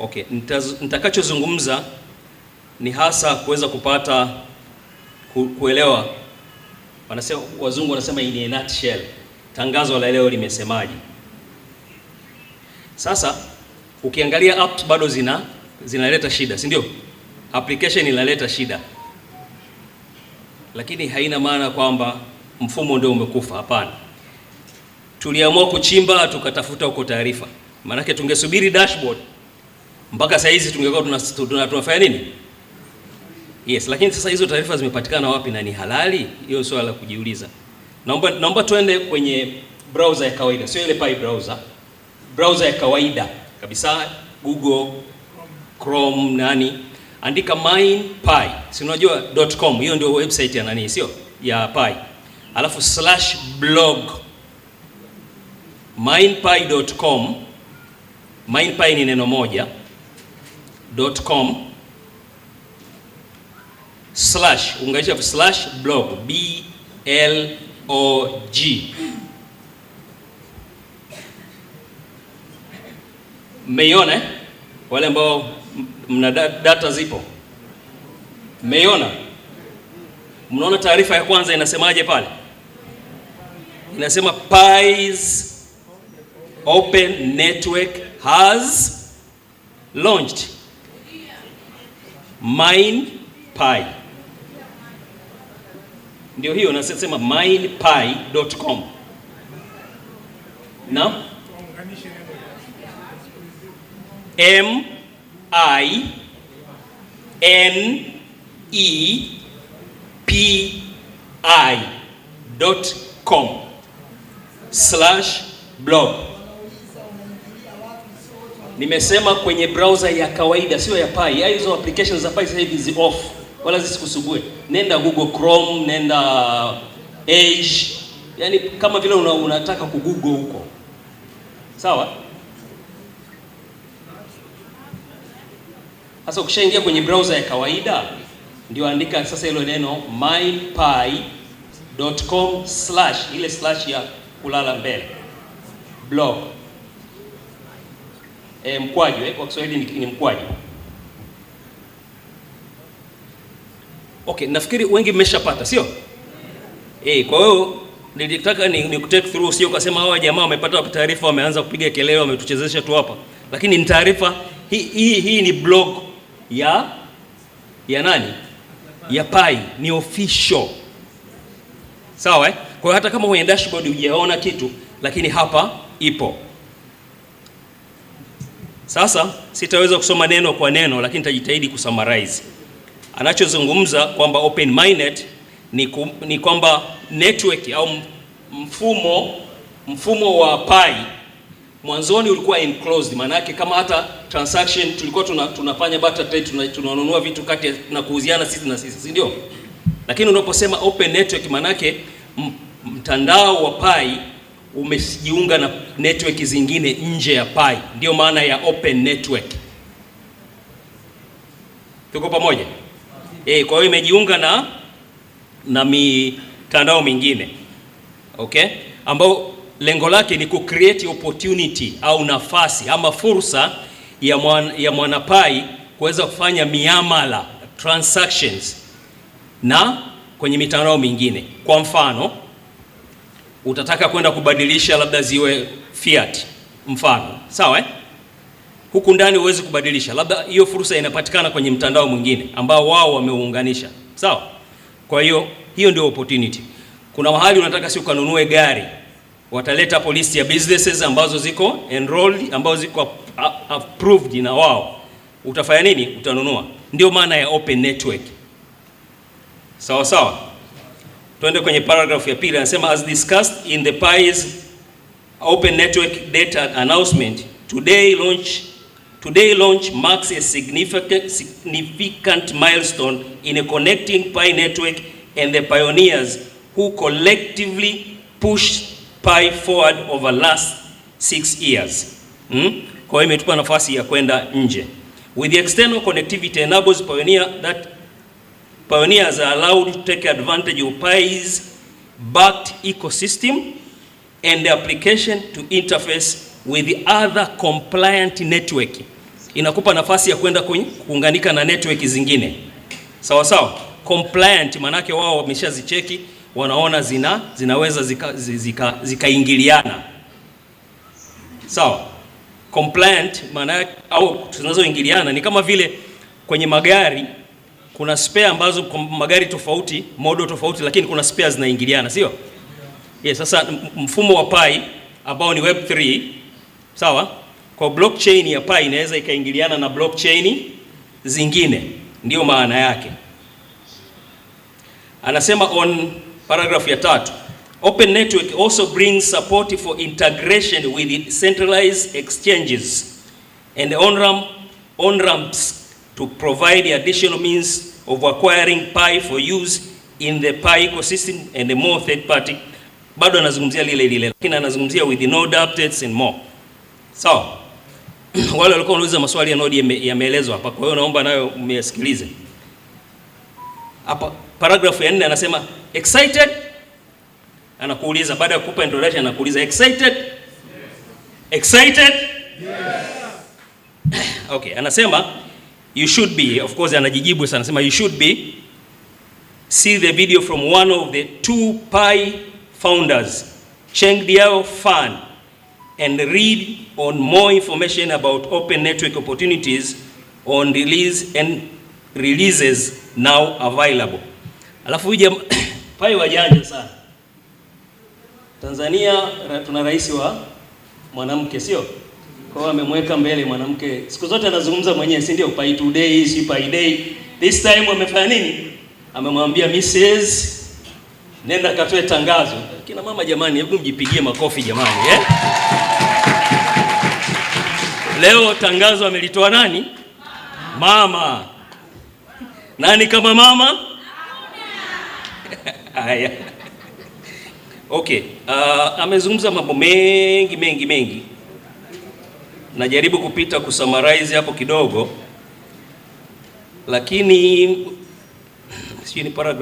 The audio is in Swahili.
Okay, nitakachozungumza ni hasa kuweza kupata ku, kuelewa wanasema, wazungu wanasema in a nutshell, tangazo la leo limesemaje. Sasa ukiangalia apps bado zina zinaleta shida, si ndio? Application inaleta shida, lakini haina maana kwamba mfumo ndio umekufa. Hapana, tuliamua kuchimba tukatafuta huko taarifa, maanake tungesubiri dashboard mpaka saa hizi tungekuwa tunafanya nini? Yes, lakini sasa hizo taarifa zimepatikana wapi na ni halali? Hiyo swala la kujiuliza. Naomba naomba tuende kwenye browser ya kawaida, sio ile pai browser, browser ya kawaida kabisa, Google Chrome, nani, andika myPy, si unajua .com, hiyo ndio website ya nani, sio ya pai, alafu slash blog myPy.com. myPy ni neno moja com slash unganisha slash blog b l o g. Mmeiona eh? wale ambao mna data zipo, mmeiona? Mnaona taarifa ya kwanza inasemaje pale? Inasema pies Open Network has launched Mine Pi ndio hiyo, nasema minepi.com na M I N E P I.com slash blog Nimesema kwenye browser ya kawaida, sio ya Pi. Yaani hizo applications za Pi sasa hivi zi off, wala zisikusugue. Nenda Google Chrome, nenda uh, Edge, yani kama vile una, unataka kugoogle huko, sawa. Sasa ukishaingia kwenye browser ya kawaida, ndio andika sasa hilo neno mypi.com slash ile slash ya kulala mbele blog e, mkwaju eh, kwa Kiswahili ni, ni mkwaju. Okay, nafikiri wengi mmeshapata sio? Eh, kwa hiyo nilitaka ni, ni take through sio kasema hawa jamaa wamepata taarifa wameanza kupiga kelele wametuchezesha tu hapa. Lakini ni taarifa hii hii hi, ni blog ya ya nani? Ya Pai ni official. Sawa eh? Kwa hiyo hata kama kwenye dashboard hujaona kitu lakini hapa ipo. Sasa sitaweza kusoma neno kwa neno, lakini nitajitahidi kusummarize anachozungumza kwamba open minded ni, ku, ni kwamba network au mfumo mfumo wa pai mwanzoni ulikuwa enclosed, maana yake kama hata transaction tulikuwa tuna, tunafanya barter trade, tunanunua vitu kati na kuuziana sisi na sisi, si ndio? Lakini unaposema open network, maana yake mtandao wa pai umejiunga na network zingine nje ya pai. ndio maana ya open network. Tuko pamoja e? Kwa hiyo imejiunga na na mitandao mingine okay, ambao lengo lake ni ku create opportunity au nafasi ama fursa ya, mwan, ya mwanapai kuweza kufanya miamala transactions na kwenye mitandao mingine, kwa mfano utataka kwenda kubadilisha labda ziwe fiat mfano, sawa eh? Huku ndani huwezi kubadilisha, labda hiyo fursa inapatikana kwenye mtandao mwingine ambao wao wameuunganisha, sawa. Kwa hiyo hiyo ndio opportunity. Kuna mahali unataka si ukanunue gari, wataleta polisi ya businesses ambazo ziko enrolled, ambazo ziko approved na wao, utafanya nini? Utanunua. Ndio maana ya open network, sawa sawa. Tuende kwenye paragraph ya pili, anasema as discussed in the PIS open network data announcement today launch Today launch marks a significant, significant milestone in connecting Pi network and the pioneers who collectively pushed Pi forward over last six years. Hmm? Kwa hiyo imetupa nafasi ya kwenda nje. With the external connectivity enables Pioneer that Pioneers are allowed to take advantage of PI's backed ecosystem and the application to interface with the other compliant network. Inakupa nafasi ya kwenda kuunganika na network zingine sawa sawa. Compliant manake wao wameshazicheki, wanaona zina zinaweza zikaingiliana zika, zika sawa. so, Compliant maana au tunazoingiliana ni kama vile kwenye magari kuna spare ambazo kwa magari tofauti modo tofauti, lakini kuna spare zinaingiliana, sio? Yes, sasa mfumo wa Pi ambao ni Web3 sawa, kwa blockchain ya Pi inaweza ikaingiliana na blockchain zingine, ndiyo maana yake. Anasema on paragraph ya tatu, open network also brings support for integration with centralized exchanges and on-ramp, on-ramps to provide the additional means of acquiring pi for use in the pi ecosystem and the more third party. Bado anazungumzia lile lile, lakini anazungumzia with node updates and more. So wale walikuwa wanauliza maswali ya node yameelezwa hapa, kwa hiyo naomba nayo myasikilize hapa. Paragrafu ya 4 anasema excited, anakuuliza baada ya kukupa introduction, anakuuliza excited, excited yes. Okay, anasema you should be of course, anajijibu sana, anasema you should be see the video from one of the two pi founders Cheng Diao Fan and read on more information about open network opportunities on release and releases now available. Alafu ije pai wajanja sana. Tanzania tuna rais wa mwanamke sio? Kwa hiyo amemweka mbele mwanamke, siku zote anazungumza mwenyewe, si ndio? Pai today si pai day. This time amefanya nini? Amemwambia Mrs. Nenda katoe tangazo. Kina mama jamani, hebu mjipigie makofi jamani, eh? Leo tangazo amelitoa nani? Mama. Nani kama mama? Okay, uh, amezungumza mambo mengi mengi mengi najaribu kupita kusummarize hapo kidogo, lakini sijui ni paragraph